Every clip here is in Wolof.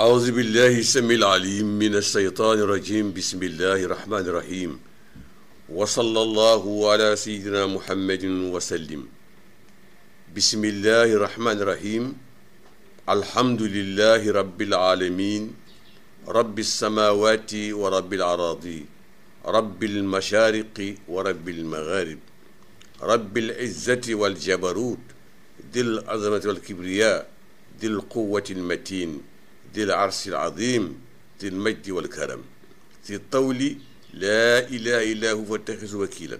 أعوذ بالله السميع العليم من الشيطان الرجيم بسم الله الرحمن الرحيم وصلى الله على سيدنا محمد وسلم بسم الله الرحمن الرحيم الحمد لله رب العالمين رب السماوات ورب الأراضي رب المشارق ورب المغارب رب العزة والجبروت ذي العظمة والكبرياء ذي القوة المتين ذي العرش العظيم ذي المجد والكرم ذي الطول لا إله إلا هو فاتخذه وكيلا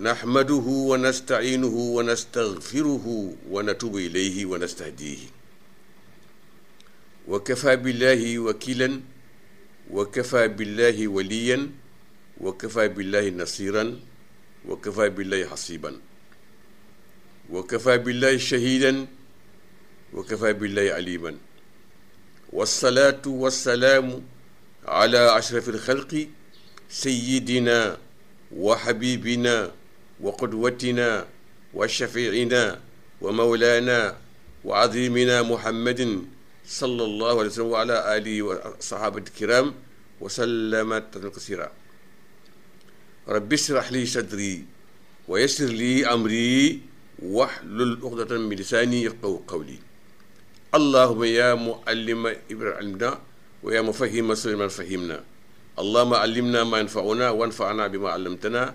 نحمده ونستعينه ونستغفره ونتوب إليه ونستهديه وكفى بالله وكيلا وكفى بالله وليا وكفى بالله نصيرا وكفى بالله حصيبا وكفى بالله شهيدا wa kafa billahi aliman wassalaatu wassalaamu ala ashrafi alxalqi sayidina wa xabibina wa qudwatina wa shafiina wa mawlana wa azimina muhammadin sallallahu alayhi wa sallam wa ala alihi wa sahabati kiram wa sallama tasliman kasira rabbi israh li sadri wa yassir li amri wahlul uqdatan min lisani yafqahu qawli allahuma ya muallima ibrahima alimna wa ya mufahima suleyman fahimna allahuma allimna ma yanfauna wanfaana bima allamtana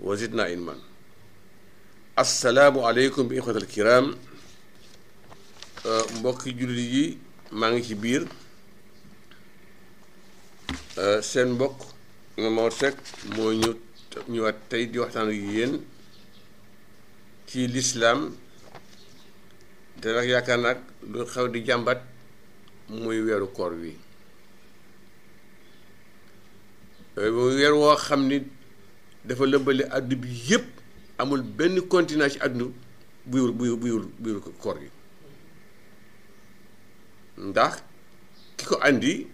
wa zidna ilman assalaamu aleykum bi ixwat alkiram uh, mbokki jullit yi maa ngi ci biir uh, seen mbokk imam Mor Seck moo ñu ñëwaat tey di waxtaan ak yéen ci lislaam te nag yaakaar nag lu xew di jàmbat muy weeru koor wi weer woo xam ni dafa lëmbali àdduna bi yépp amul benn continent ci àdduna buyul buyul buyul buyul koor gi ndax ki ko andi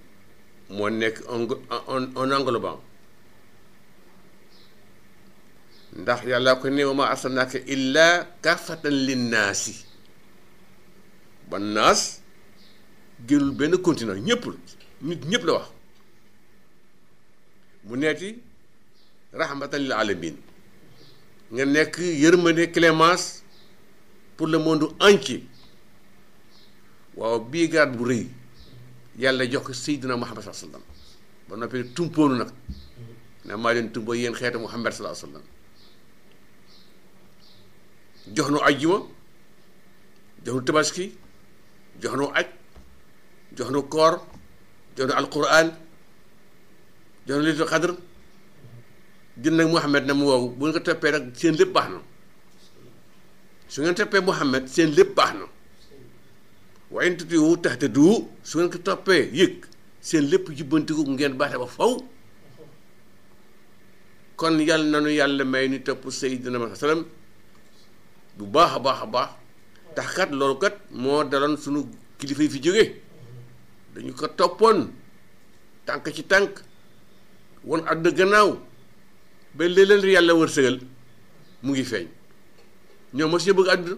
moo nekk un un ndax yàlla ko ne wa ma arsalnaaka illa kaafatan linnaasi ba naas génnul benn continent ñëpp nit ñëpp la wax mu neeti rahmatan lil alamin nga nekk yërmande clémence pour le monde entier waaw bii gaat bu rëy yàlla jox ko Seydina Muhammad sallallahu alayhi wa sallam ba noppi tumpoonu nag ne maa leen tumpoo yéen xeetu Muhammad sallallahu alayhi wa sallam jox nu ajjuma jox nu tabaski jox nu aj jox nu koor jox nu alquran jox nu liitu xadr jën nag Muhammad na mu woowu bu nga ko toppee nag seen lépp baax na su ngeen toppee Muhammad seen lépp baax na waaye tutiwu tahtadu su ngeen ko toppee yëg seen lépp jubbantiku ngeen baaxee ba faw kon yàlla na nu yàlla may ñu topp Seydina Muhammad sallam bu baax a baax a baax tax kat loolu kat moo daloon sunu kilifa yi fi jóge dañu ko toppoon tànk ci tànk won àdduna gannaaw ba léeg leen yàlla wërsëgal mu ngi feeñ ñoom mosu ñu bëgg àdduna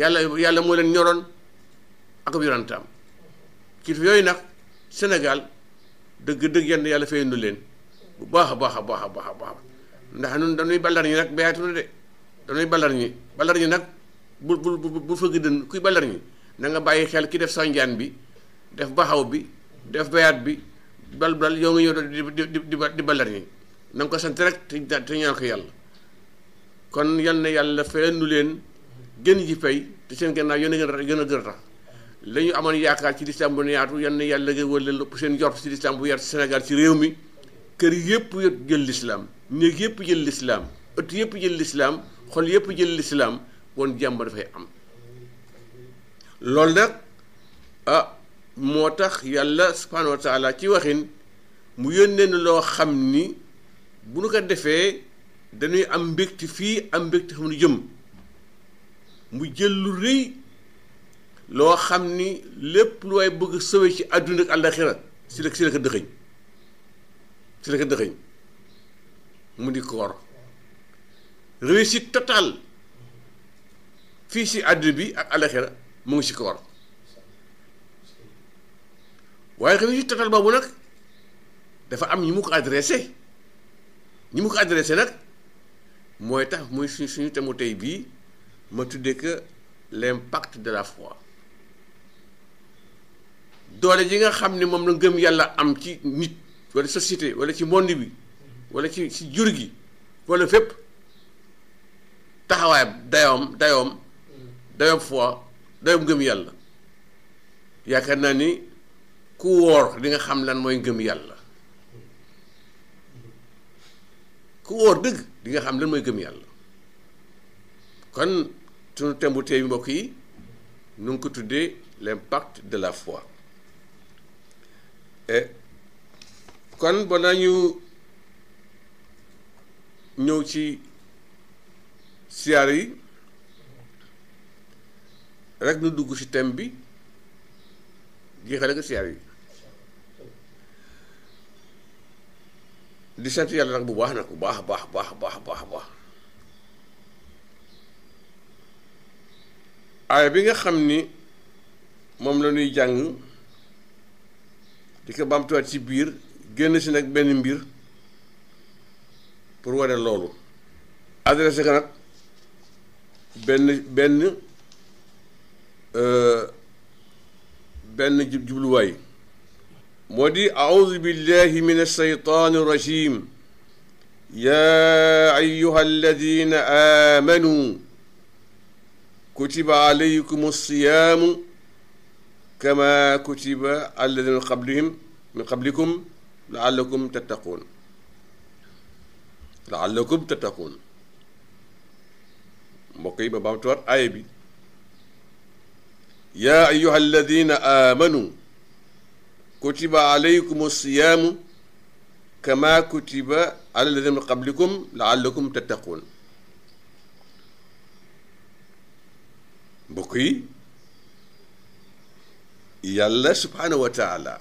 yàlla yàlla moo leen ñoroon ak yorantaam kilifa yooyu nag Sénégal dëgg-dëgg yenn yàlla feeñu leen bu baax a baax a baax a baax a baax ndax ñun dañuy ballar ñi nag béyaatu na de dañuy ballar ñi ballar ñi nag. bu bu bu fëgg dënn kuy balar ñi na nga bàyyi xel ki def sanjaan bi def baxaw bi def bayaat bi bal bal yoo nga ñëw di di di di balar ñi na ko sant rek te te ñaan ko yàlla kon yal na yàlla fayandu leen gën ji fay te seen gannaaw yéen a gën a gën a tax la ñu amoon yaakaar ci lislaam bu yaatu yal na yàlla nga wëleel seen jort ci lislaam bu yaatu ci réew mi kër yëpp jël lislaam néeg yëpp jël lislaam ëtt yëpp jël lislaam xol yëpp jël lislaam kon jàmm dafay am loolu nag ah moo tax yàlla subhaanahu wa ci waxin mu yónnee na loo xam ni bu nu ko defee dañuy am mbégte fii am mbégte xam nu jëm mu jël lu rëy loo xam ni lépp lu waay bëgg sëwe ci àdduna ak àllaxira si la si la ko dëxëñ si la ko dëxëñ mu di koor réussite totale fii si àdduna bi ak alaxira mu ngi si koor waaye xëy na yu tatal boobu nag dafa am ñi mu ko adressé ñi mu ko adressé nag mooy tax muy suñ suñu temu tey bii ma tuddee que l'impact de la foi doole ji nga xam ni moom la gëm yàlla am ci nit wala société wala ci monde bi wala ci ci jur gi walla fépp taxawaay dayoom dayoom dayam foi dayam ngëm yàlla yaakaar naa ni ku wóor di nga xam lan mooy ngëm yàlla ku wóor dëgg di nga xam lan mooy ngëm yàlla kon sunu thème tey mbokk yi nu ngi ko tuddee l'impact de la fois eh, kon ba naa ñu ñëw ci siyaar yi rek nu dugg ci thème bi jeexale ko siyaar yi di sant yàlla nag bu baax nag bu baax baax baax baax baax baax aaya bi nga xam ni moom la ñuy jàng di ko bamtuwaat ci biir génn si nag benn mbir pour wane loolu adressé ko nag benn benn Euh, benn jubluwaay moo di audu billahi min alsheytaan irrajim yaa ayuha alladina aamanu kutiba alaykum alsiyaamu kama kutiba alladina min qablihim min qablikum laallakum tattaquun laallakum tattaquun mbokk yi ba baamtuwaat aaya bi يا أيها الذين آمنوا كتب عليكم الصيام كما كتب على الذين من قبلكم لعلكم تتقون mbokk yi yàlla subhaanahu wa taala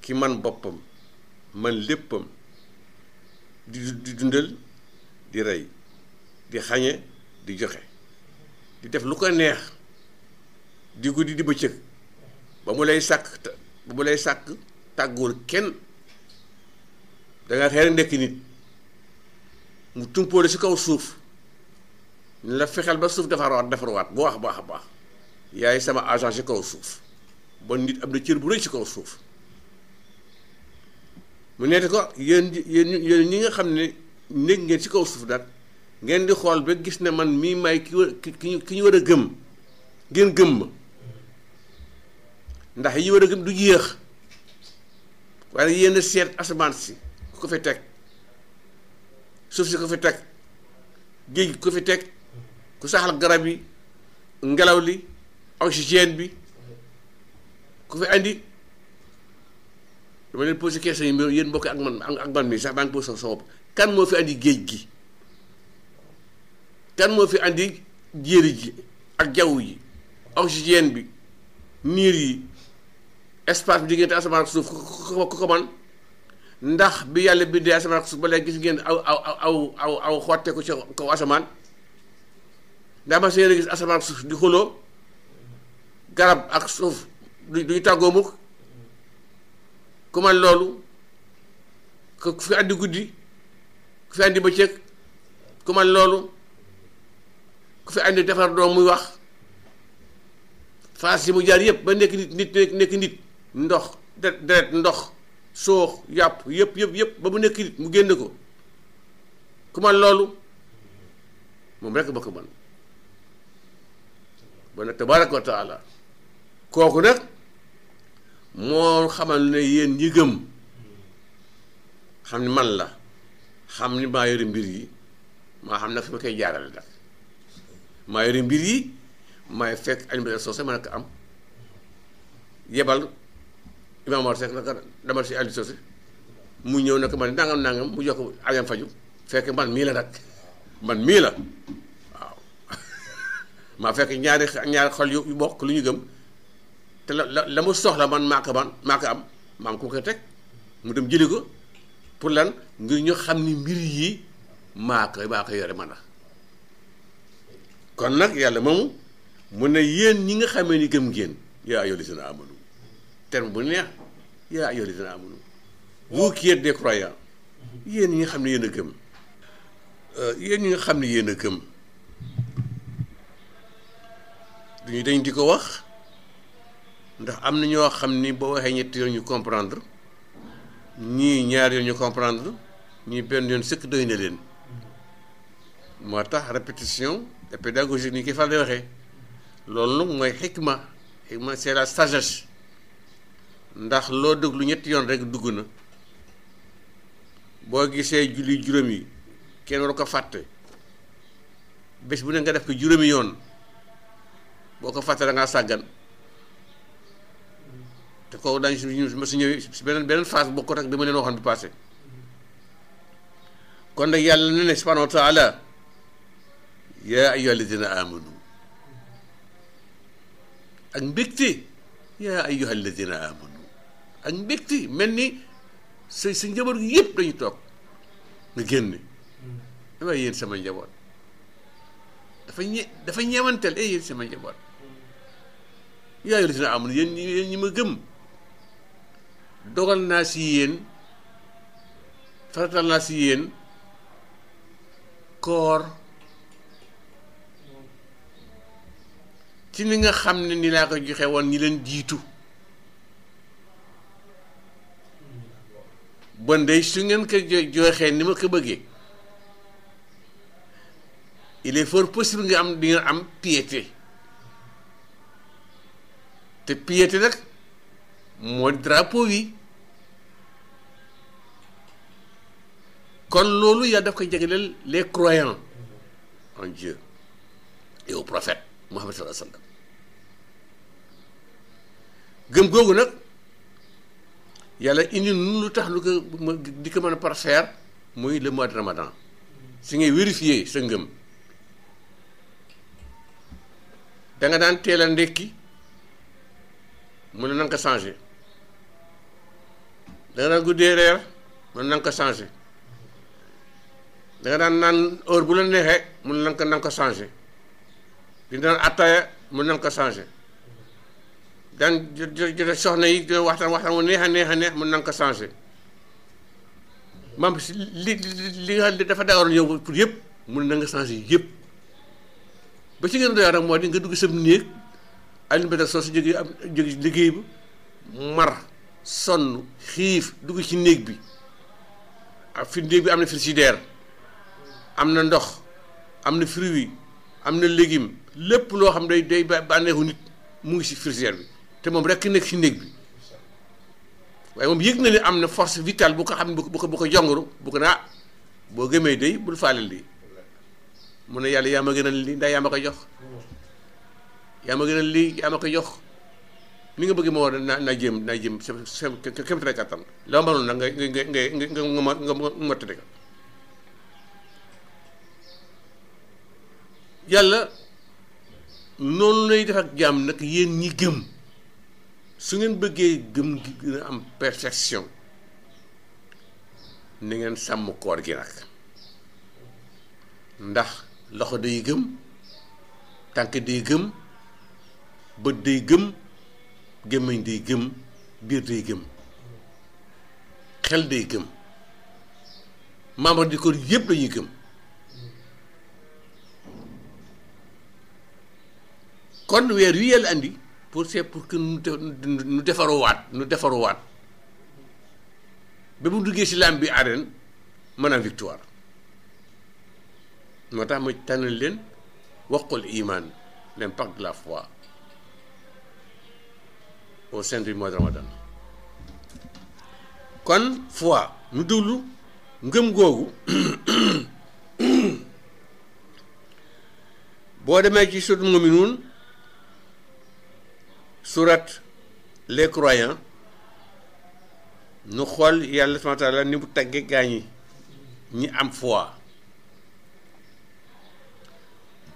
ki man boppam man léppam di di dundal di rey di xañe di joxe di def lu ko neex di guddi di bëccëg ba mu lay sàkk ba mu lay sàkk tàggool kenn danga xëy nekk nit mu tumpole si kaw suuf la fexeel ba suuf defarwaat defarwaat bu wax baax a baax yaay sama agent si kaw suuf bon nit am na cër bu rëy si kaw suuf mu neete ko yéen yéen yéen ñi nga xam ne nekk ngeen si kaw suuf daal ngeen di xool ba gis ne man mii may ki ki ki ñu war a gëm ngeen gëm ndax yi war a gëm du yéex waaye yenn yéen a seet asamaan si ku ko fi teg suuf si ko fi teg géej gi ko fi teg ku saxal garab yi ngelaw li oxygène bi ku fi andi dama leen posé question yi yéen mbokk ak man ak man mi sax maa ngi posé sama bopp kan moo fi andi géej gi kan moo fi andi jéeri ji ak jaww yi oxygène bi miir yi espace bi diggante asamaan ak suuf ku ko man ndax bi yàlla bindee asamaan ak suuf ba léegi gis ngeen aw aw aw aw aw xotte ko ci kaw asamaan ndax ma seen gis asamaan ak suuf di xuloo garab ak suuf du ñu tàggoo mukk ku man loolu ku fi àndi guddi ku fi àndi bëccëg ku man loolu ku fi àndi defar doom muy wax faas yi mu jaar yëpp ba nekk nit nit nit ndox deret deret ndox soox yàpp yépp yëpp yëpp ba mu nekk nit mu génn ko ku man loolu moom rekk ba ko man ba nag tabaraka taala kooku nag moo xamal ne yéen ñi xam ni man la xam ni maa yore mbir yi maa xam nag fi ma koy jaarale nag maa yore mbir yi maay fekk animateur soose ma nekk am yebal Imam Mor Seck naka demal si Aliou Socé mu ñëw nag man nangam nangam mu jox ko ayam faju fekk man mii la nag man mii la waaw maa fekk ñaari ñaari xol yu bokk lu ñu gëm te la la la mu soxla man maa ko man maa am maa ngi ko koy teg mu dem jëli ko pour lan ngir ñu xam ni mbir yi maa koy maa ko man la kon nag yàlla moomu mu ne yéen ñi nga xamee ni gëm ngeen yaa ayyuhal lazina aamanu terme bu neex yaa ayyuhaa llaziina aamanu vous qui êtes des croyants yéen ñi nga xam ne yéen a gëm euh, yéen ñi nga xam ne yéen a gëm duñu dañ di ko wax ndax am na ñoo xam ni boo waxee ñetti yoon ñu comprendre ñii ñaar yoon ñu comprendre ñii benn yoon sëkk doy na leen moo tax répétition et pédagogique ni ki fal di waxee loolu mooy xikma xikma c'est la sagesse ndax loo déglu ñetti yoon rek dugg na boo gisee julli juróom yi kenn waru ko fàtte bés bu ne nga def ko juróomi yoon boo ko fàtte da ngaa sàggan te kooku daañu si ñun su ñëwee si beneen beneen phase bokkut ak dama leen waxoon bi passé kon nag yàlla na ne subhanahu wa taala yaa ayyuha alladina amanu ak mbégte yaa ayyuha alladina amanu ak mbégte mel ni sa sa njaboot gi yépp dañu toog nga génn waaye mm. yéen sama njaboot dafa ñe dafa ñeewantel eh yéen sama njaboot yaa ngi leen amul yéen yéen ñi ma gëm dogal naa si yéen faratal naa si yéen koor ci ni nga xam ne ni laa ko joxe woon ñi leen jiitu. bon day su ngeen ko joo jooxee ni ma ko bëggee il est fort possible ngi am di nga am piété te piété nag moo drapeau bi kon loolu yàlla daf koy jagleel les croyants en Dieu et au prophète Muhammad sallallahu alayhi gëm googu nag. yàlla indi nu lu tax lu ko di ko mën a parfaire mooy le mois de ramadan si ngay vérifier sa ngëm nga daan teel a ndékki mu ne na nga ko changé da nga daan guddee reer mu ne na nga ko changé da nga daan naan heure bu la neexee mun ne na nga ko na nga ko changé di daan attaaya mu ne na nga ko changé daan jot soxna yi waxtaan waxtaan wu neex a neex a neex mën na nga ko changé maam si li li nga xam ne dafa daawaroon yow pour yëpp mën na nga changé yëpp ba ci gën a doy rek moo di nga dugg sam néeg Alioune Badara Sow si jóge am jóge xiif dugg ci néeg bi ak ah, bi am na frigidaire am na ndox am na fruits am na légumes lépp loo xam day day bànneexu nit mu ngi si frigidaire bi. te moom rekk nekk ci néeg bi waaye moom yég na ni am na force vitale bu ko xam ne bu ko bu ko jonguru bu ko naa ah, boo gëmee day bul faaleel lii mu ne yàlla yaa ma gën a ndax yaa ma ko jox yaa ma gënal lii yaa ma ko jox bëgg ma war naa naa jéem naa jéem sa sa kéem tolluwaay kattan la yàlla noonu lay def ak jaam nag yéen ñi gëm. su ngeen bëggee gëm gi am perfection ni ngeen sàmm koor gi nag ndax loxo day gëm tànk day gëm bët day gëm gémmiñ day gëm biir day gëm xel day gëm membre di koor yëpp dañuy gëm kon weer yu yàlla andi pour c'est pour que nu nu defaruwaat nu defaruwaat ba mu duggee si làmb bi arène mën a victoire moo tax ma tànnal leen waqul iman l'impact de la foi au sein du mois de Ramadan kon foi nu déglu ngëm googu boo demee ci suratul muminuun sourate les croyants nu xool yàlla subhaanahu wa taala ni mu tagge gaañ yi ñi am foi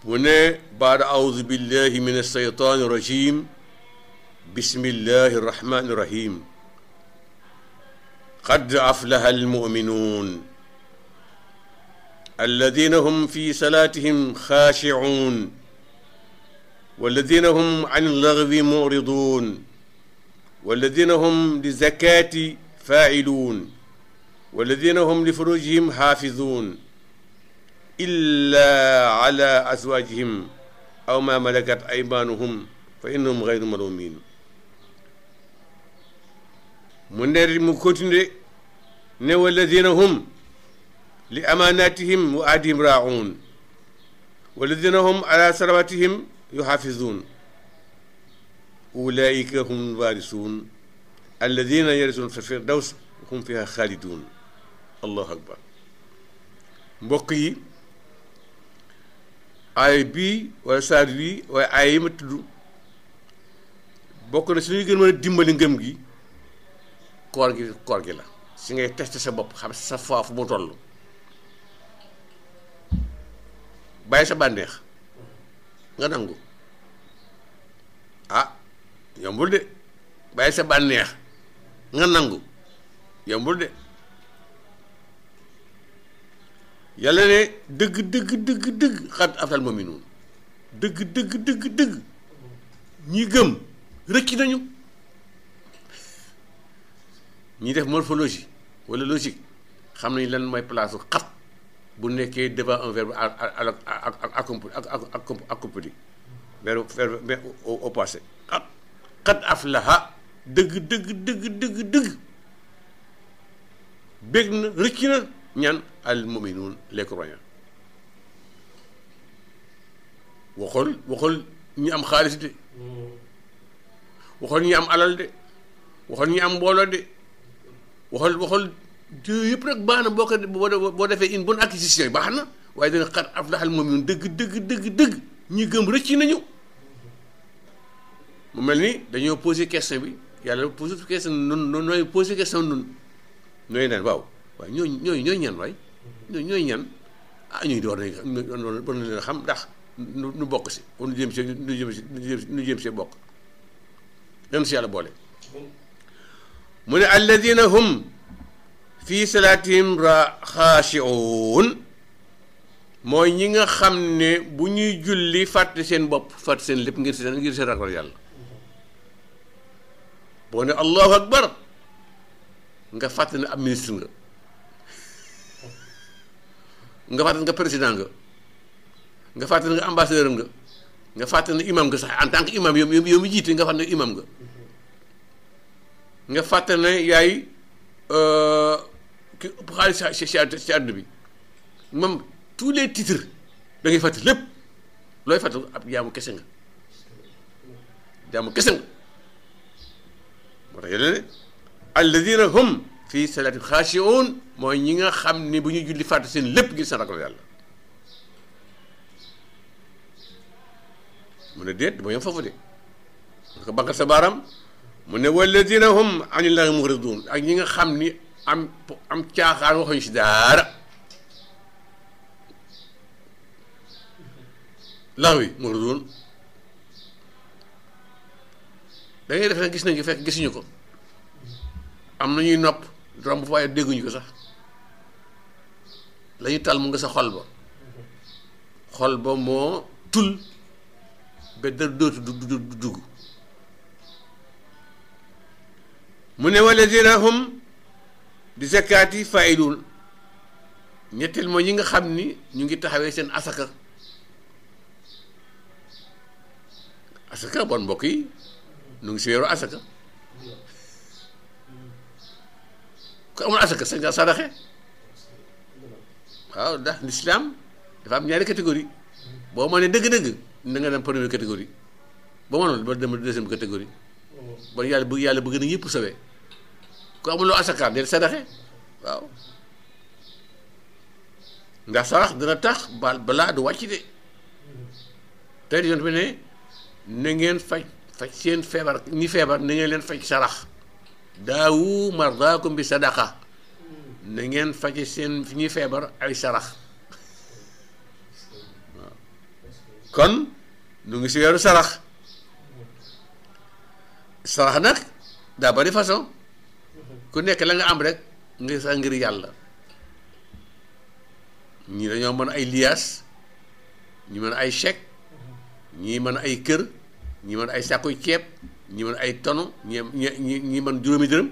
mu ne baada audu billahi min alsheytaani rajim bismillahi irrahmani irrahim qad aflaha almuminuun alladina hum fi salaatihim xaashicuun walladina hum an larwi muridun walladina hum li zakati failuun walladina hum li furujihim xaafizuun illa ala azwajihim aw ma malakat aymaanuhum fa innahum gayru malumin mu ne mu continuer ne walladina hum li amaanatihim wa ahdihim raaun walladina hum ala sarawatihim yuxaafizuun ulaayika hum waarisuun alladina yarisuun fi hum fiha allahu akbar mbokk yi aay bii wala saar bii waaye aay bokk na si ñuy gën mën a dimbali ngëm gi koor gi koor gi la si ngay tes testé sa bopp xam sa faafu mu toll bàyyi sa bànneex nga nangu ah yombul de bàyyi sa bànneex nga nangu yombul de yàlla ne dëgg dëgg dëgg dëgg xat aftal mu'minuun dëgg dëgg dëgg dëgg ñi gëm rëcc nañu ñi def morphologie wala logique xam nañ lan mooy place su xat bu nekkee devant un verbe accompli verbe verbe au passé la aflaha dëgg dëgg dëgg dëgg dëgg bég na rëcc na ñaan al muminuun les croyants waxool waxool ñi am xaalis de waxool ñi am alal de waxool ñi am mbooloo de waxool waxool yooyu yëpp nag baax na boo ko boo boo defee une bonne acquisition yi baax na waaye danga xat aflaxal moom ñun dëgg dëgg dëgg dëgg ñi gëm rëcc nañu mu mel ni dañoo posé question bi yàlla posé question nu nun nooy posé question nu nooy naan waaw waaye ñooy ñooy ñooy ñan waay ñooy ñooy ñan ah ñuy door nañ war na leen xam ndax nu nu bokk si kon nu jëm see nu jëm si nu jëm see bokk yan si yàlla boole mu ne alladina hum fii salaatihim ra xaashiun mooy ñi nga xam ne bu ñuy julli fàtte seen bopp fàtte seen lépp ngir seen ngir seen ragal yàlla boo ne allahu akbar nga fàtte ne ab ministre nga nga fàtte nga président nga nga fàtte nga ambassadeur nga nga fàtte ne imam nga sax en tant que imam yow yow mi jiite nga fàtte ne imam nga nga fàtte ne yaay euh, ki ëpp xaalis si si bi moom tous les titre da ngay fàttali lépp looy fàttali ab jaamu kese nga jaamu kese nga moo tax yeneen alladina hum fii salaati xaashiun mooy ñi nga xam ni bu ñuy julli fàtte seen lépp ngir seen ragal yàlla mu ne déet dama yem foofu de parce que banqal sa baaram mu ne walladina hum anil lahi muridun ak ñi nga xam ni am am caaxaan waxuñu si daara lax wi mu doon da ngay def nag gis nañ ko fekk gisuñu ko am na ñuy nopp romb fa waaye dégguñu ko sax la tal mu nga sa xol ba xol ba moo tul ba dara dootu du dugg mu ne wala dina hum bi zakaat yi faayilul ñetteel mooy ñi nga xam ni ñu ngi taxawee seen asaka asaka bon mbokk yi nu ngi si weeru asaka ku amul asaka sañ nga saraxe waaw ndax lislaam dafa am ñaari catégorie boo mënee dëgg-dëgg na nga dem première catégorie boo mënoon ba dem deuxième catégorie bon yàlla bëgg yàlla bëgg na ñëpp sawee ku amuloo asakaam del sadaxe waaw ndax sarax dina tax baal balaa du wàcc de tey yonent bi ne na ngeen faj faj seen feebar ñi feebar na ngeen leen faj sarax daawu mardaakum bi sadaqa na ngeen faje seen ñi feebar ay sarax kon nu ngi si weeru sarax sarax nag daa bari façon ku nekk la nga am rek nga sa ngir yàlla ñii dañoo mën ay liyaas ñi mën ay chèque ñii mën ay kër ñii mën ay sàkkuy ceeb ñi mën ay tono ñii ñi ñi mën juróomi dërëm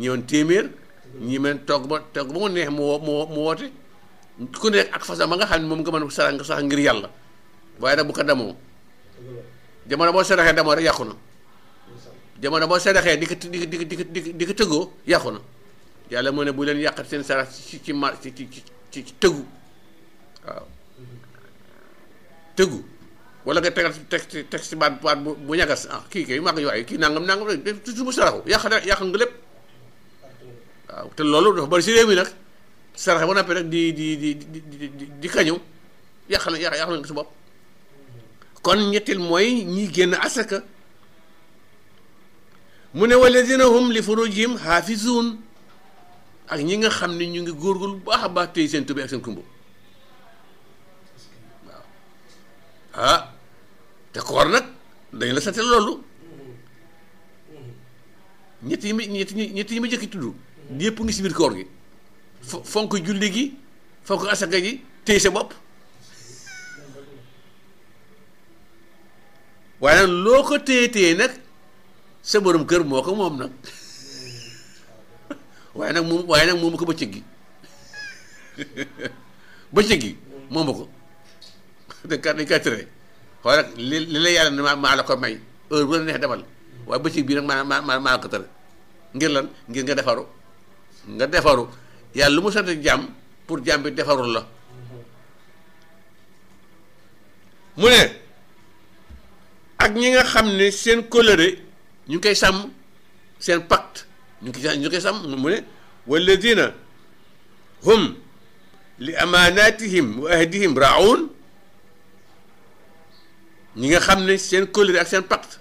ñi mën téeméer ñii mën togg ba togg ba mu neex mu wo mu woote ku nekk ak façon ba nga xam ne moom nga mën sarax sax ngir yàlla waaye nag bu ko demoo jamono boo saraxee demoo rek yàqu na jamono boo saraxee di ko di di di di di ko tëggoo yàqu na yàlla moo ne bu leen yàqat seen sarax ci ci ma ci ci ci tëggu waaw tëggu wala nga tegal teg teg si baat baat bu bu ñagas ah, kii kay mag ki nàngam nangam nangam rek toujours mu saraxu yàq na yàq nga lépp waaw te loolu dafa bari si réew mi nag saraxe ba noppi rek di di di di di kañu yàq na yàq la nga si bopp kon ñetteel mooy ñi génn asaka. mu ne walladina hum li furujihim xaafizuun ak ñi nga xam ne ñu ngi góorgóorlu bu baax a baax tey seen tubéy ak seen kumbo waaw ah, te koor nag dañ la sant loolu ñett yi ma ñett ñett yi ma jëkki tudd yëpp ngi si koor gi fo fonk julli gi fonk asaka ji tey sa bopp waaye nag loo ko téye téye nag. sa borom kër moo ko moom nag waaye nag moom waaye nag moomu ko bëccëg gi bëccëg gi moomu ko dañ ka dañ ka tere xool rek li la yàlla ne maa la ko may heure bu la neex demal waaye bëccëg bii nag maa maa maa la ko tere ngir lan ngir nga defaru nga defaru yàlla lu mu sant jàmm pour jàmm bi defarul la mu ne ak ñi nga xam ne seen colère ñu ngi koy sàmm seen pacte ñu ngi koy ñu ngi koy sàmm mu ne walladina hum li amaanatihim wa ahdihim raawun ñi nga xam ne seen kóllëre ak seen pacte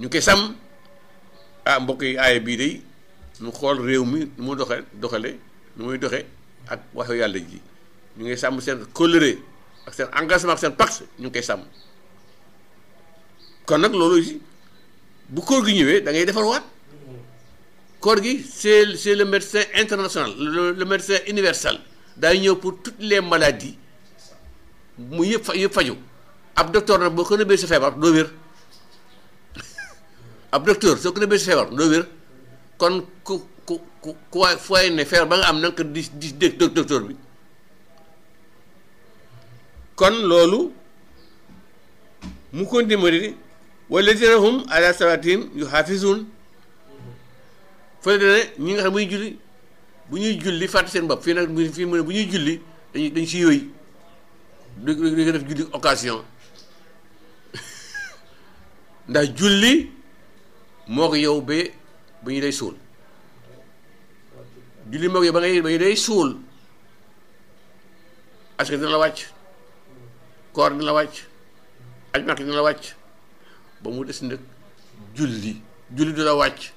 ñu koy sàmm ah mbokk yi aaya bii day mu xool réew mi nu mu doxe doxale nu muy doxe ak waxu yàlla ji ñu ngi sàmm seen kóllëre ak seen engagement ak seen pacte ñu ngi koy sàmm kon nag loolu ji bu koor gi ñëwee da ngay defar waat koor gi c'est c'est le médecin international le, le médecin universel daay ñëw pour tout les maladies mu yëpp fa faju ab docteur nag boo ko nëbbee sa feebar doo wér ab docteur soo ko nëbbee sa feebar doo wér kon ku ku ku ku waay fu waay ne feebar ba nga am na di di di dégg docteur bi kon loolu mu continué di wallazina hum ala salaatihim yuhaafizuun fële dene ñi nga xam bu ñuy julli bu ñuy julli fàtte seen bopp fii nag fii mu ne bu ñuy julli dañ dañ si yooyu du du ko def julli occasion ndax julli moo ko yow ba ba ñu day suul julli moo yow ba ngay ba ñu day suul askan dina la wàcc koor dina la wàcc aj màkk la wàcc ba mu des nag julli julli du la wàcc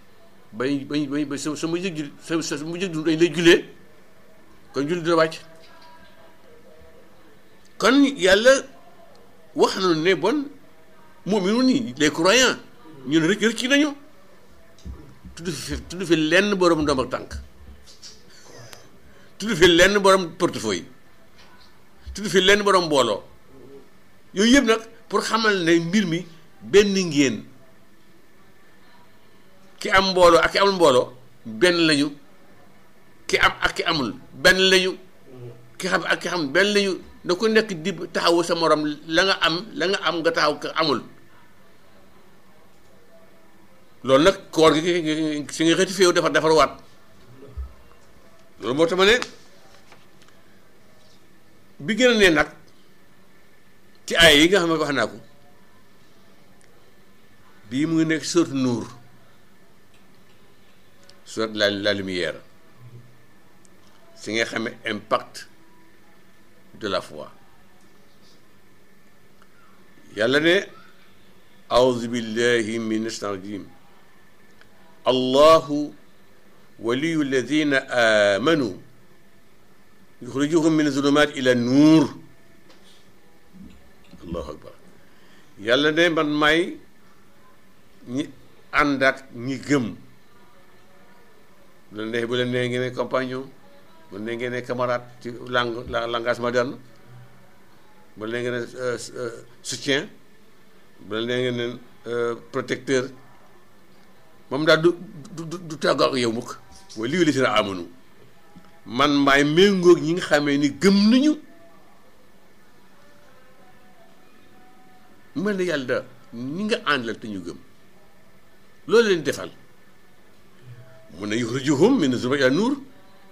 bay ba sa sa mu jëg julli sa sa lay jullee kon julli du la wàcc kon yàlla wax na ne bon moom yi nii les croyants ñun rëcc rëcc nañu tudd fi tudd fi lenn borom ndomb tànk tudd fi lenn borom portefeuille tudd fi lenn borom mbooloo yooyu yëpp nag pour xamal ne mbir mi benn ngéen ki am mbooloo ak ki amul mbooloo benn lañu ki am ak ki amul benn lañu ki ak ki benn lañu na ku nekk di taxawu sa moroom la nga am la nga am nga taxaw ka amul loolu nag koor gi si nga xëti féew defar defar waat loolu moo tax ne bi gën a ne nag ci ay yi nga xam ne wax naa ko bii mu ngi nekk sourate Nuur sourate la la lumière si nga xamee impact de la foi yàlla ne aoudu billahi min ashtan rajim allahu waliyu alladina amanu yuxrijuhum min zulumat ila nuur allahu akbar yàlla ne man may ñi ànd ak ñi gëm bu leen nee bu leen nee ngeen compagnon bu leen nee ngeen camarade ci langue la langage moderne bu leen nee ngeen euh, euh, soutien bu euh, protecteur moom daal du du du tàggoo ak yow mukk mooy lii li si na amanu man maay méngoog ñi nga xamee ni gëm nañu mel na yàlla ñi nga ànd la te ñu gëm loolu leen defal mun na yuxrijuhum min zulumati ila nuur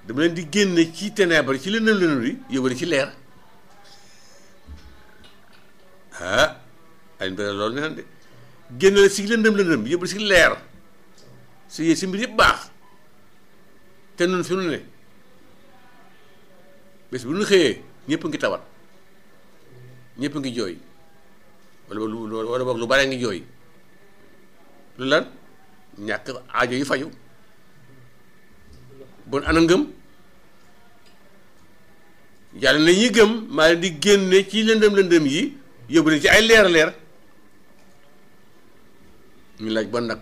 dama leen di génne ci ténèbre ci lëndëm lëndëm yi yóbbu ci leer ah Alioune Badara loolu nee na de génne la si lëndëm lëndëm yóbbu si leer si yéen si mbir yëpp baax te nun fi nu ne bés bu ñu xëyee ñëpp ngi tawat ñëpp ngi jooy wala lu wala boog lu bare ngi jooy lu lan. ñàkk aajo yi faju bon ana ngëm yàlla na ñi gëm maa leen di génne ci lëndëm lëndëm yi yóbbu leen ci ay leer leer ñu laaj bon nag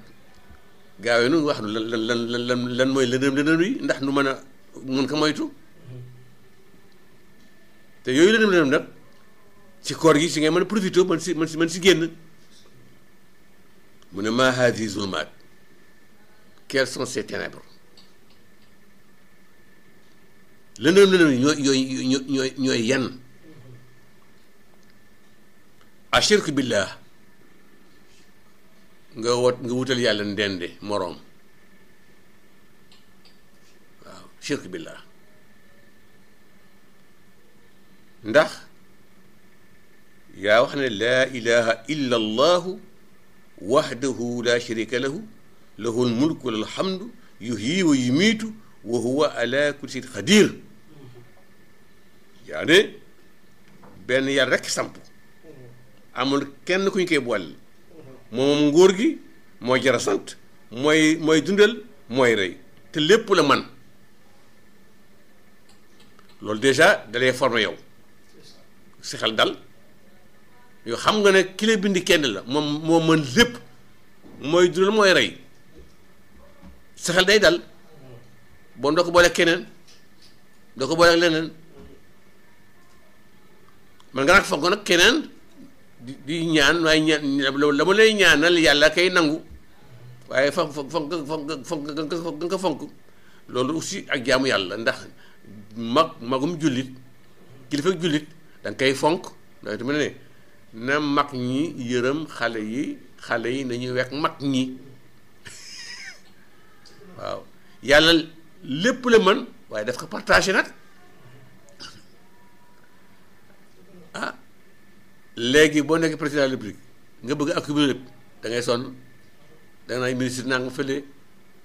gaawe nu wax lan lan lan lan lan mooy lëndëm lëndëm yi ndax nu mën a mun ko moytu te yooyu lëndëm lëndëm nag ci koor gi si ngay mën a profité man si man si man si génn mu ne maa haadi zulumaat quelles sont ces ténèbres lëndëm lëndëm ñooy yooyu ñooy ñooy yan ashirk billah nga wot nga wutal yàlla ndende moroom waaw shirk billah ndax yaa wax ne laa ilaha illa waxdahu la sharika lahu lahul mulku walal hamdu yuhyi wa yumiitu wa huwa ala kulli shay'in qadir yaa ne benn yàlla rekk samp amul kenn ku ñu koy boole moom nguur gi mooy jara sant mooy mooy dundal mooy rey te lépp la man loolu déjà dalay former yow si xel dal yoo xam nga ne ki la bind kenn la moom moo mën lépp mooy dundal mooy rey sexel day dal bon doo ko booleeg keneen doo ko booleeg leneen man nga nag foog nag keneen di ñaan waaye ñaan la ma lay ñaanal yàlla kay nangu waaye fonk fonk fonk ko fonk loolu aussi ak jaamu yàlla ndax mag magum jullit kilifa jullit da nga koy fonk da nga ne na mag ñi yërëm xale yi xale yi nañu wekk mag ñi yàlla lépp la mën waaye def ko partagé nag ah léegi boo nekk président de la nga bëgg accumuler lépp da ngay sonn da ngay ministre nangam fële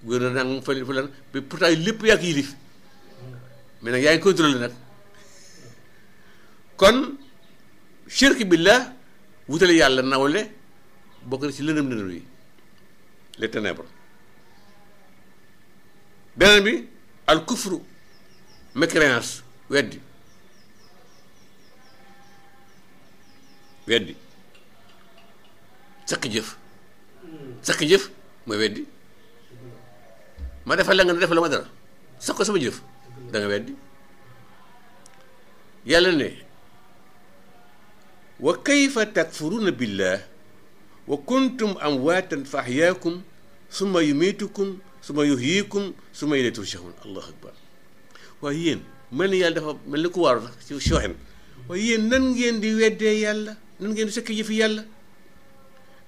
gouverneur nangam fële fële mais pourtant lépp yaa ngi yilif mais yaa ngi koy contrôlé nag kon shirk billah wutale yàlla nawle bokk na ci lëndëm lëndëm yi les beneen bi al kufru mécréance weddi weddi sakk jëf sakk jëf mooy weddi ma defal la nga ne defal la ma dara sakk ko sama jëf da nga weddi yàlla ne wa kayfa takfuruna billah wa kuntum amwaatan fa ahyaakum summa yumitukum su ma suma yuhyikum suma ilayhi turja'un allahu akbar waaye yéen mel ni yàlla dafa mel ni ku waaru sax ci sooxen waaye yéen nan ngeen di weddee yàlla nan ngeen di sëkk jëfi yàlla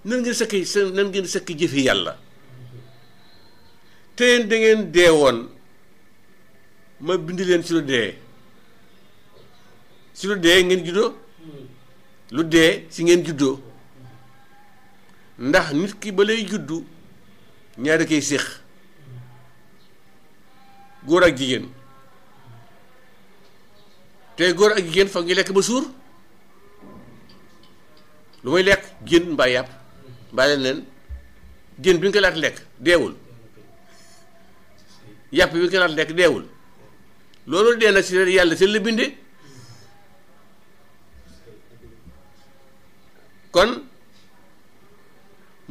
nan ngeen sëkk nan ngeen sëkk jëfi yàlla te yéen da dee woon ma bind leen ci lu dee si lu dee ngeen juddoo lu dee si ngeen juddoo ndax nit ki ba lay juddu ñaari koy séq góor ak jigéen te góor ak jigéen fa ngi lekk ba suur lu muy lekk jën mbaa yàpp mbaa leen leen jën bi nga ko laat lekk deewul yàpp bi nga ko laat lekk deewul loolu dee nag si yàlla seen la binde kon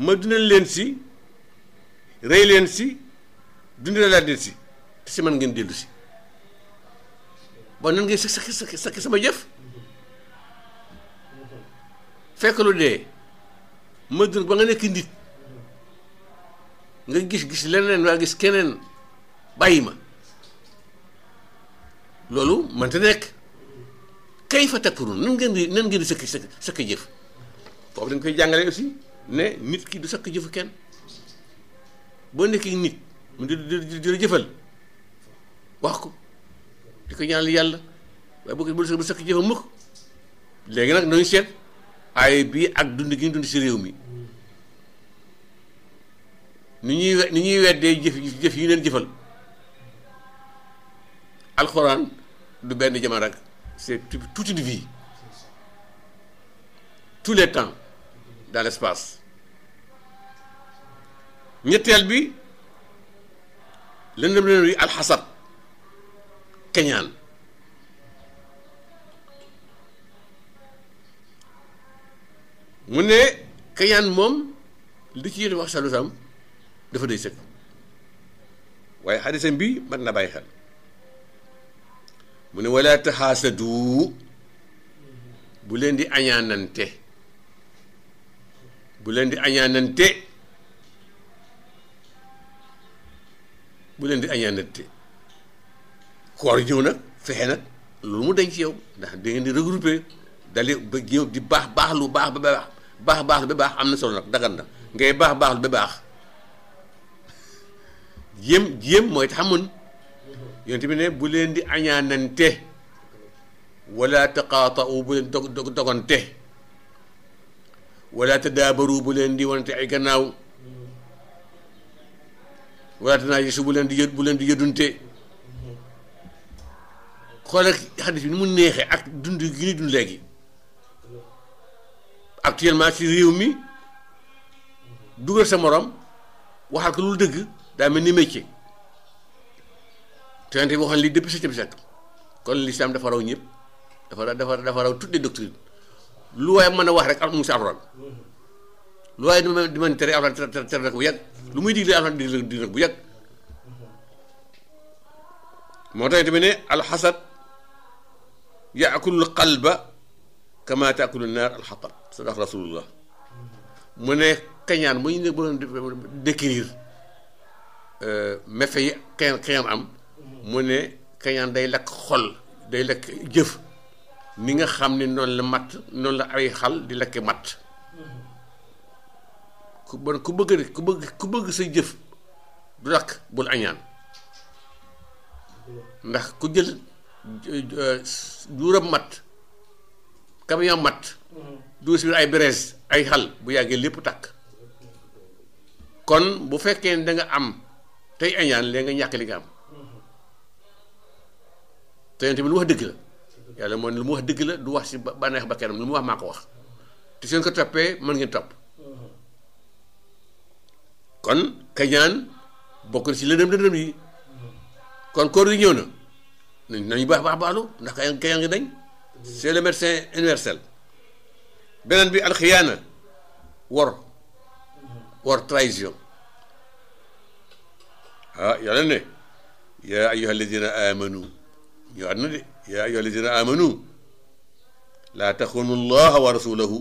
ma dundal leen si rëy leen si dundalaat leen si te si man ngeen dellu si bon nan ngay sakki sakki sakki sama jëf fekk lu dee ma dund ba nga nekk nit nga gis gis leneen waa gis keneen bàyyi ma loolu mënta nekk kay fa takkurun nan ngeen di nan ngeen di sakki sakki sakki jëf foofu dañ koy jàngale aussi ne nit ki du sakki jëfu kenn boo nekkee nit mu di di di jëfal wax ko di ko ñaanal yàlla waaye bu bu sëkk jëfam mukk léegi nag nañu seet ay bii ak dund gi ñu dund si réew mi ni ñuy ni ñuy weddee jëf jëf yi leen jëfal alxuraan du benn jamono rek c'est toute une vie tous les temps dans l'espace ñetteel bi lëndëm lëndëm yi alxasad keñaan mu ne keñaan moom li ci yéen wax salu dafa doy sëkk waaye xadisam bi mat na bàyyi xel mu ne wala taxaasadu bu leen di añaanante bu leen di añaanante bu leen di añaanante koor jiw nag fexe nag loolu mu denc ci yow ndax da ngeen di regroupé dali ba géew di baax baax lu baax ba baax baax baax lu baax am na solo nag dagan na ngay baax baax lu ba baax jéem jéem mooy tax amun yonent bi ne bu leen di añaanante wala taqaatau bu leen dog dog dogante wala tadaabaru bu leen di wante ay gannaaw wala tanaajasu bu leen di yë bu leen di yëdunte xoolal xadis bi ni mu neexee ak dund gi ñuy dund léegi actuellement ci réew mi dugal sa morom waxal ko lu dëgg daa mel ni métier te yonent bi waxoon lii depuis septième siècle kon l'islam dafa raw ñëpp dafa dafa dafa raw toutes de doctrines lu waaye mën a wax rek mu ngi si waaye dima di mën tere alxuraan tere tere bu yàgg lu bu yàgg alxasad yaakulul qalba kama taakulu naar alxatab sadaq rasulullah mu ne kañaan mu ñu ne bu doon décrire euh, méfe yi kañaan am mu ne kañaan day lakk xol day lakk jëf ni nga xam ni noonu la matt noonu la ay xal di lakke matt ku bon ku bëgg ku bëgg sa jëf du lakk bul añaan ndax ku jël juuram matt camion matt duus ay xal bu yàggee lépp takk kon bu fekkee ne da am tey añaan léegi nga ñàkk li bi lu wax dëgg la yàlla moo lu mu wax dëgg la du wax si bànneex ba kenn lu mu wax maa ko wax te seen ko toppee mën ngeen topp kon kañaan bokk na si lëndëm lëndëm yi kon koor yi ñëw na nañu baax baax baaxlu ndax ka yaa ngi dañ c'est le beneen bi alxiyaana wor wor trahison ah yàlla ne yaa ayyuha alladina amanu laa taxunu llaha wa rasulahu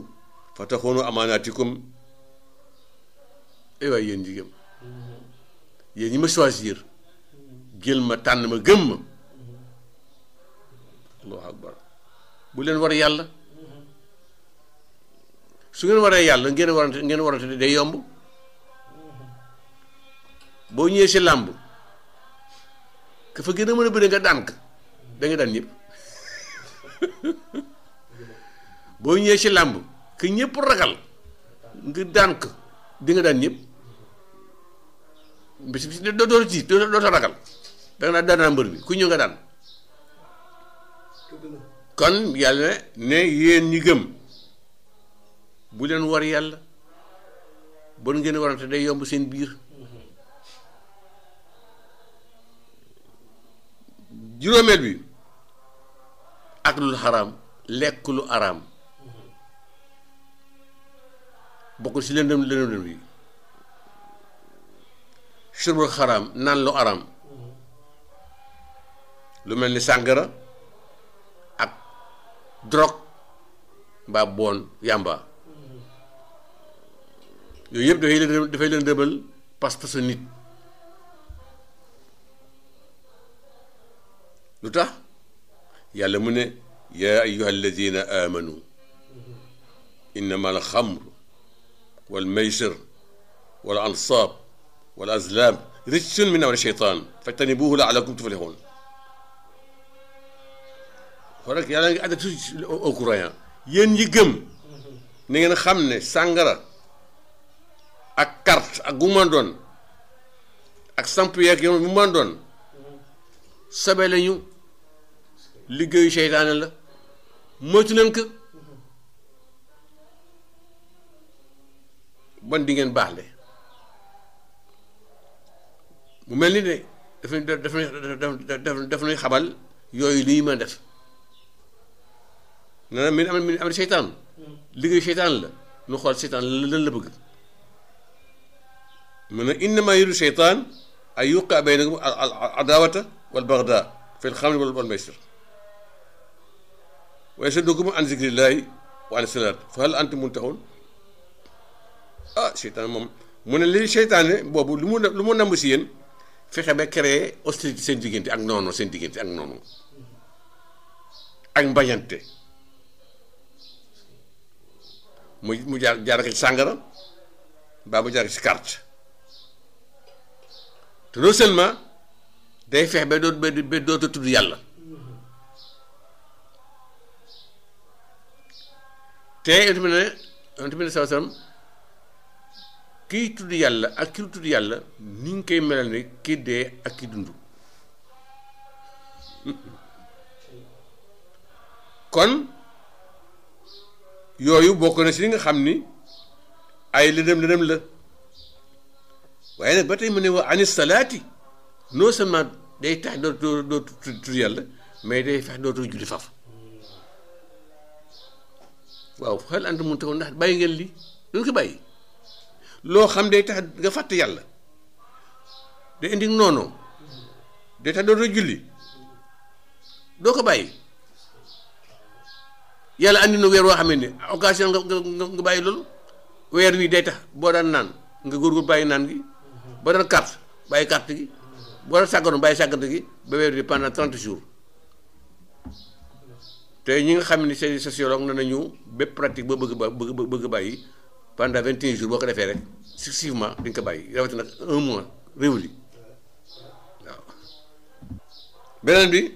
fa taxunu amaanatikum ay eh waay ñi ma choisir jël ma tànn ma gëm allahu akbar bu leen war yàlla su ngeen waree yàlla ngeen warante ngeen warante day yomb boo ñëwee si làmb ka fa gën a mën a bëri nga daan ka da nga daan ñëwee si làmb ka ñëpp ragal nga daan ka di nga daan ñëpp bis bis doo doo ci doo doo ragal da nga daan daan mbër bi ku ñëw nga daan kon yàlla ne yéen ñi gëm bu leen war yàlla bon ngeen warante day yomb seen biir juróomeel bi ak lu xaraam lekk lu araam bokkul ci lëndëm lëndëm lëndëm yi surbul xaraam naan lu araam lu mel ni sàngara drogue mbaa boon yàmba yooyu yëpp dafay leen dafay leen dëbal parce sa nit lu tax yàlla mu ne yaa ayuha alladina amanu innama al xamru wal maysir wal ansaab wal azlaam rijsun min amali sheytaan fajtanibuuhu laalakum tuflixuun kon nag yàlla ngi ànd ak tous au courant yéen ñi gëm na ngeen xam ne sàngara ak carte ak bu man ak samp yeeg yoon bu man doon la moytu leen ko baax le mu mel ni ne daf daf daf yooyu li ñu def nee na min am min am seytaan liggéey seytaan la nu xool seytaan lan la bëgg mu ne innama yuridu seytaan ay yuqa baynakum al adawata wal bagda fi l xamri wal maysir wa yasuddukum an zikrillahi wa an salaat fa hal antum muntahun ah seytaan moom mu ne li seytaane boobu lu mu lu mu namb si yéen fexe ba créer hostilité seen diggante ak noonu seen diggante ak noonu ak mbañante mu mu jaar jaar ko ci sàngara mbaa mu jaar ko ci carte te non seulement day fex ba doot ba doota tudd yàlla te yonent ne yonent ne saw sam kiy tudd yàlla ak ki tudd yàlla ni ñu koy melal ni ki ak ki dund kon yooyu bokk na si li nga xam ni ay lëndëm lëndëm la waaye nag ba tey mu ne waa anis salaati non seulement day tax doo doo tudd yàlla mais day fex dootu julli faf waaw xel ant mun taxoon ndax ngeen lii duñ ko bàyyi loo xam day tax nga fàtt yàlla day indi noonu day tax dootu julli doo ko bàyyi yàlla andi na weer woo xam ne occasion nga nga nga bàyyi loolu weer wi de tax boo daan naan nga góorgóor bàyyi naan gi boo daan carte bàyyi carte gi boo daan sàgganu bàyyi sàggante gi ba weer wi pendant trente jours te ñi nga xam ne seen sociologue na nañu bépp pratique boo bëgg ba bëgg bëgg bàyyi pendant vingt et un jours boo ko defee rek si successivement dañ ko bàyyi rawatina nag un mois réwli waaw beneen bi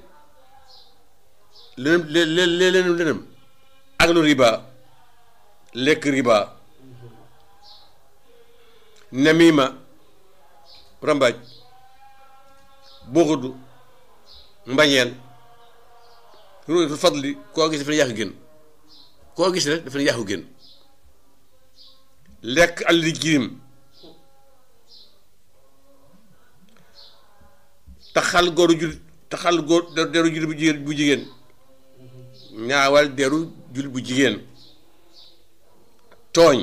leneen leneen leneen aklu riba lekk riba namima rambaaj buxudu mbañeel ruutu fadli koo gis dafa ne yàqu génn koo gis rek dafa ne yàqu génn lekk alli jirim taxal góoru jul taxal góor deru jul bu jigéen ñaawal deru jullit bu jigéen tooñ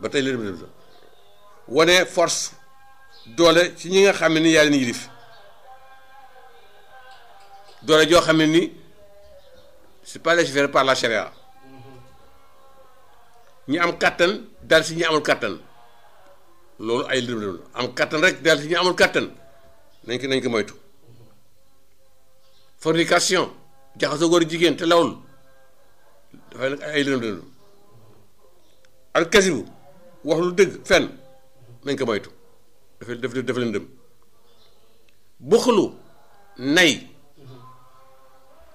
ba tey léegi dem wane force doole ci ñi nga xam ne ni yàlla ni yilif doole joo xam ne ni c'est pas légiféré par la charia ñi am kàttan dal si ñi amul kàttan loolu ay lëb am kàttan rek dal si ñi amul kàttan nañ ko nañ ko moytu fornication jaxasoo góor jigéen te lawul dafay nag ay lëndëm lëndëm al kasibu wax lu dëgg fen nañ ko moytu dafa dafa dafa lëndëm buxlu nay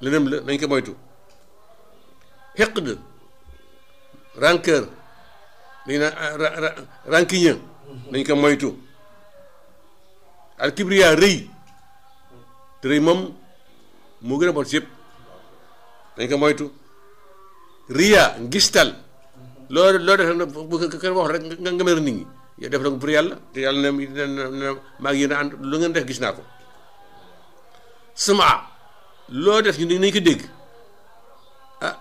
lëndëm la nañ ko moytu xeqd rancœur dañ na ah, rancunier nañ ko moytu al kibriya rëy te rëy moom moo gën a bon si yëpp dañ ko moytu riya ngistal loolu loo def nag bu kenn wax rek nga nga mer nit ñi yow def nag pour yàlla te yàlla ne ne maa ngi yéen a ànd lu ngeen def gis naa ko sama loo def ñu nañ ko dégg ah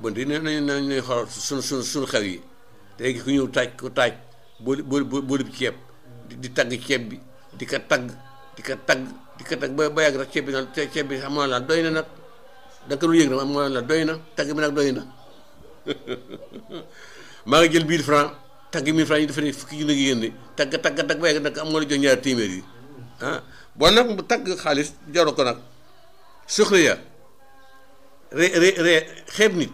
bon di ne nañ nañ nañ xool suñ suñ suñ xew yi léegi ku ñëw taaj ku taaj booli booli booli bi ceeb di tagg ceeb bi di ko tagg di ko tagg di ko tagg ba ba yàgg rek ceeb bi naan ceeb bi xam naa laa doy na nag da ko yëg nag am nga la doy na tagg bi nag doy na maa ngi jël mille franc tagg mille franc yi dafa ne fukki junni ngeen di tagg tagg tagg ba yegg nag am nga la jox ñaari téeméer yi ah, bon nag mu tagg xaalis jaru ko nag suxla ya re re re xeeb nit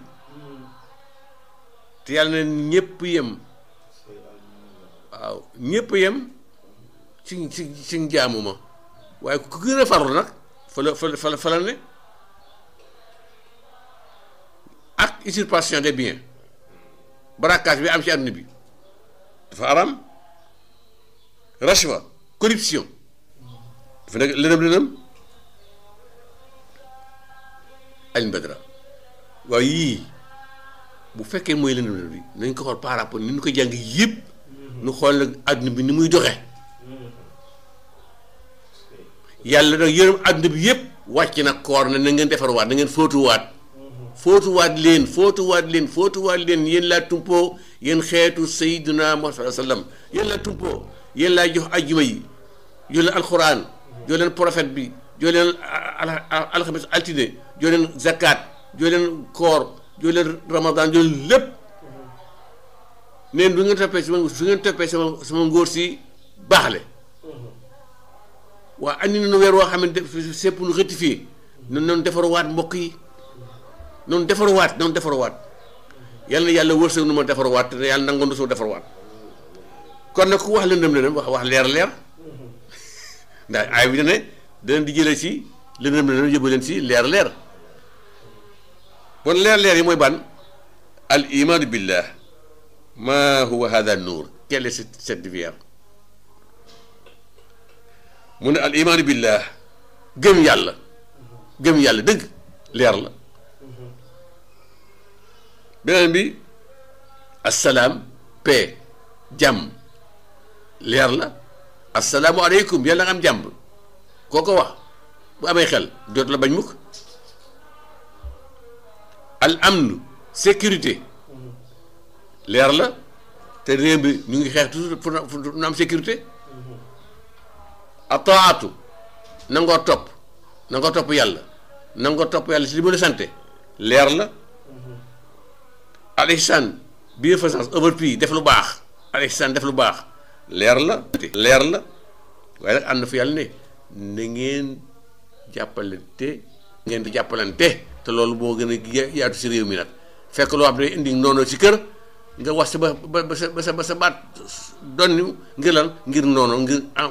te yàlla na ñëpp yem waaw ñëpp yem ci ci ci njaamu waaye ku gën a farlu nag fa la fa ne. ak usurpation des biens braquage bi am ci àdduna bi dafa aram rachwa corruption dafa nekk lënëm lënëm Alioune Badara waaye yii bu fekkee mooy lënëm lënëm bi nañ ko xool par ni xool nag àdduna bi ni muy doxee yàlla nag yërëm àdduna bi yëpp wàcc na koor na na ngeen defarwaat na ngeen fóotuwaat fóotuwaat leen fóotuwaat leen fóotuwaat leen yéen laa tumpoo yéen xeetu sayyiduna Muhammad sallam jox ajjuma yi jox alxuraan jox leen prophète bi jox leen alxames altine jox leen zakat jox lépp neen du ngeen toppee sama su sama ngóor si baaxle waaw andi nañu weer woo xam ne def c'est pour rectifier noonu noonu defaruwaat mbokk yi noonu defarwaat noonu defarwaat yàlla na yàlla wërsëg nu ma defarwaat te yàlla nangoon na soo defarwaat kon nag ku wax lëndëm lëndëm wax wax leer leer ndax ay bi ne danañ di jële ci lëndëm lëndëm yóbbu leen ci leer leer bon leer leer yi mooy ban al imaanu billah ma huwa hada nuur quelle mu ne al imaanu billah gëm yàlla gëm yàlla dëgg leer la beneen bi assalaam paix jàmm leer la asalaamualeykum yàlla nga am jàmm koo ko wax bu amee xel jot la bañ mukk al amnu sécurité leer la te réew bi ñu ngi xeex toujours pour na am sécurité ataatu nangoo topp nangoo topp yàlla nangoo topp yàlla si li mu la sante leer la bi Alexandre bienfaisance overprix def lu baax Alexandre def lu baax leer la leer la waaye nag ànd na fi yàlla ne na ngeen jàppalante di jàppalante te loolu boo gën a yaatu si réew mi nag fekk loo xam ne indi noonu si kër nga wax sa ba ba ba sa baat doon ngir ngir noonu ngir ah,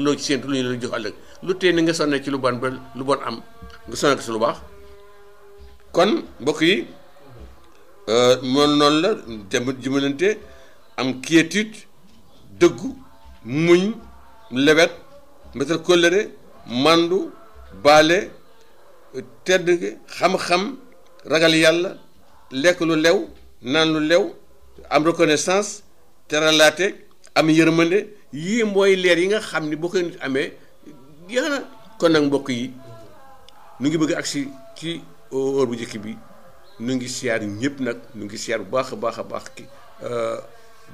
loo ci séntu lu ñu la jox ëllëg lu tee ni nga sonne ci lu ban ba lu boon am nga sonne ko si lu baax kon mbokk yi Euh, moom noonu la tamit jumalante am quiétude dëggu muñ lewet matal kóllëre màndu baale tedd xam-xam ragal yàlla lekk lu lew naan lu lew am reconnaissance teralaate am yërmande yii mooy leer yi nga xam ni boo koy nit amee jeex na kon nag mbokk yi nu ngi bëgg agsi ci óor bu njëkk bi nu ngi siyaar ñëpp nag nu ngi siyaar bu baax a baax a baax ki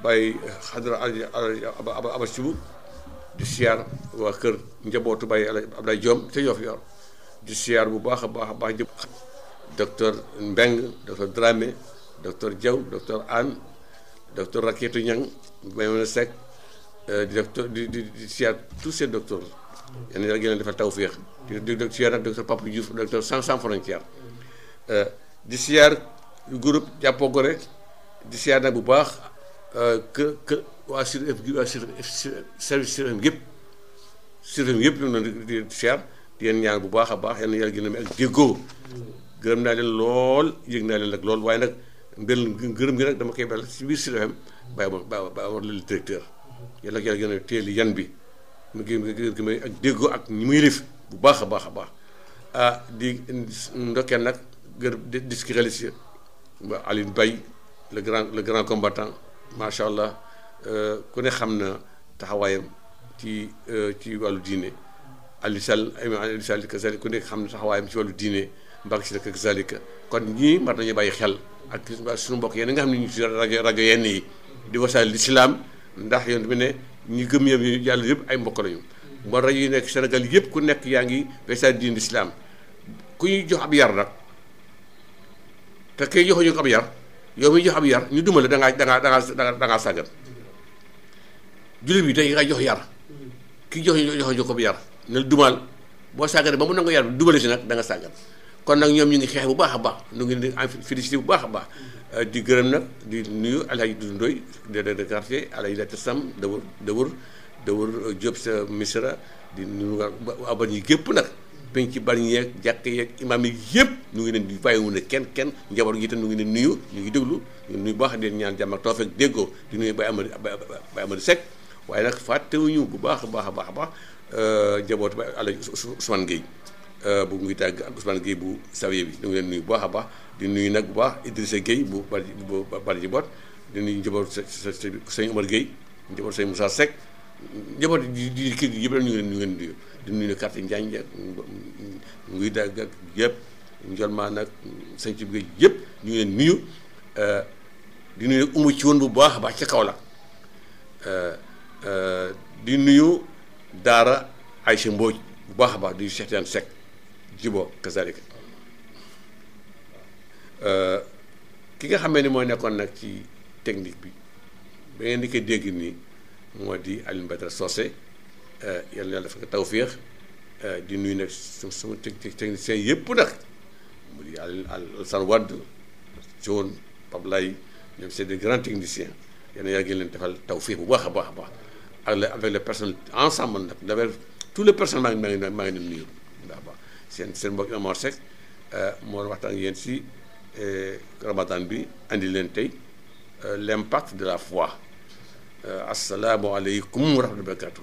bàyyi xadra aba aba sibu di siyaar waa kër njabootu bàyyi Abdoulaye Diom te Yoff yor di siyaar bu baax a baax a baax docteur Mbeng docteur Dramé docteur Diaw docteur Anne docteur Raketu Ñang Maymuna Seck euh, di docteur di di siyaar tous ces docteurs yéen a ngi leen defal tawféex di di siyaar nag docteur Papa Diouf docteur sans sans frontière euh, di siyaar groupe jàppoo gore di siyaar nag bu baax euh, que que waa sur gi waa sur service sur yëpp sur yëpp ñu ngi di siyaar di leen ñaan bu baax a baax yal na yàlla gën a ak déggoo gërëm naa leen lool yëg naa leen nag lool waaye nag mbir gërëm gi nag dama koy bal ci biir Sud FM bàyyi ma bàyyi war leen directeur yàlla ak yàlla gën a teel yan bi mu ngi ak déggoo ak ñi muy lif bu baax a baax a baax ah di ndokkeel nag gër disque religieux ba Alioune Baye le grand le grand combattant macha allah euh, ku ne xam na taxawaayam ci euh, ci wàllu diine Alioune Sall Alioune Sall kazalika ne xam na taxawaayam ci wàllu diine Mbacké Sylla kazalika kon ñii mar nañu bàyyi xel ak suñu mbokk yenn nga xam ne ñu ci rajo rajo yenn yi di wasaal lislaam ndax yoon bi ne ñi gëm yam yi yàlla yëpp ay mbokk lañu moo rajo nekk Sénégal yëpp ku nekk yaa ngi wasaal diine lislaam ku ñuy jox ab yar nag te kay joxuñu ko yow miy jox ab yar ñu dumale da ngaa da ngaa da ngaa da ngaa sàggan jullit bi tey nga jox yar ki jox joxuñu ko ab yar ne boo sàggane ba mu nangu yar bi dumale si nag da nga kon nag ñoom ñu ngi xeex bu baax a baax ñu ngi leen bu baax a baax euh, di gërëm nag di nuyu El Hadj Doudou Ndoye de quartier El Hadj Lata Sam Dawur Dawur Dawur euh, Diop sa Misra di nuyu waa yi gépp nag. penc bari yeeg jàkk yeeg imaam yi yëpp ñu ngi leen di bàyyiwu ne kenn kenn njaboot gi itam ñu ngi leen nuyu ñu ngi déglu nu nuyu boo xam ne ñaan jàmm ak toofeeg déggoo di nuyu bay amadi bay amadi Seck waaye nag fàttewuñu bu baax a baax a baax a baax euh, njabootu ba àlla Ousmane Gueye euh, bu ngi tàgg ak Ousmane Gueye bu sawe bi ñu ngi leen nuyu bu baax a baax di nuyu nag bu baax Idrissa Gueye bu bari bu bari ji boot di nuyu njaboot sa sa sëñ Omar Gueye njaboot sëñ sa Seck njaboot yi kii bi yëpp ñu ngi leen di di nuyu carte Njaañ Njaañ nguy dagg ak yëpp Njolma nag sëñ ci bi yëpp ñu ngi leen nuyu eh, di nuyu umu ci woon bu baax a baax ci kaw la di nuyu Daara Aycha Mbodj bu baax a baax di Cheikh Tidiane Seck jibo kazalika eh, ki nga xamee ni mooy nekkoon nag ci technique bi ba ngeen di koy dégg nii. moo di Alioune Badara Socé euh, yal na yàlla dafa ko tawféex euh, di nuyu nag sama sama technicien yëpp nag mu di Alioune Alassane Wade Thion Pablay ñoom c'est des grands techniciens yal na yàlla leen defal tawféex bu baax a baax a baax ak le a le personnel ensemble nag d' abord tout le personnel maa ngi maa ngi maa ngi leen nuyu baax a baax seen seen mbokk Amar Seck euh, waxtaan ak yéen si Ramadan bi andi leen tey l'impact de la foi. asalaamualeykum wa rahmatulah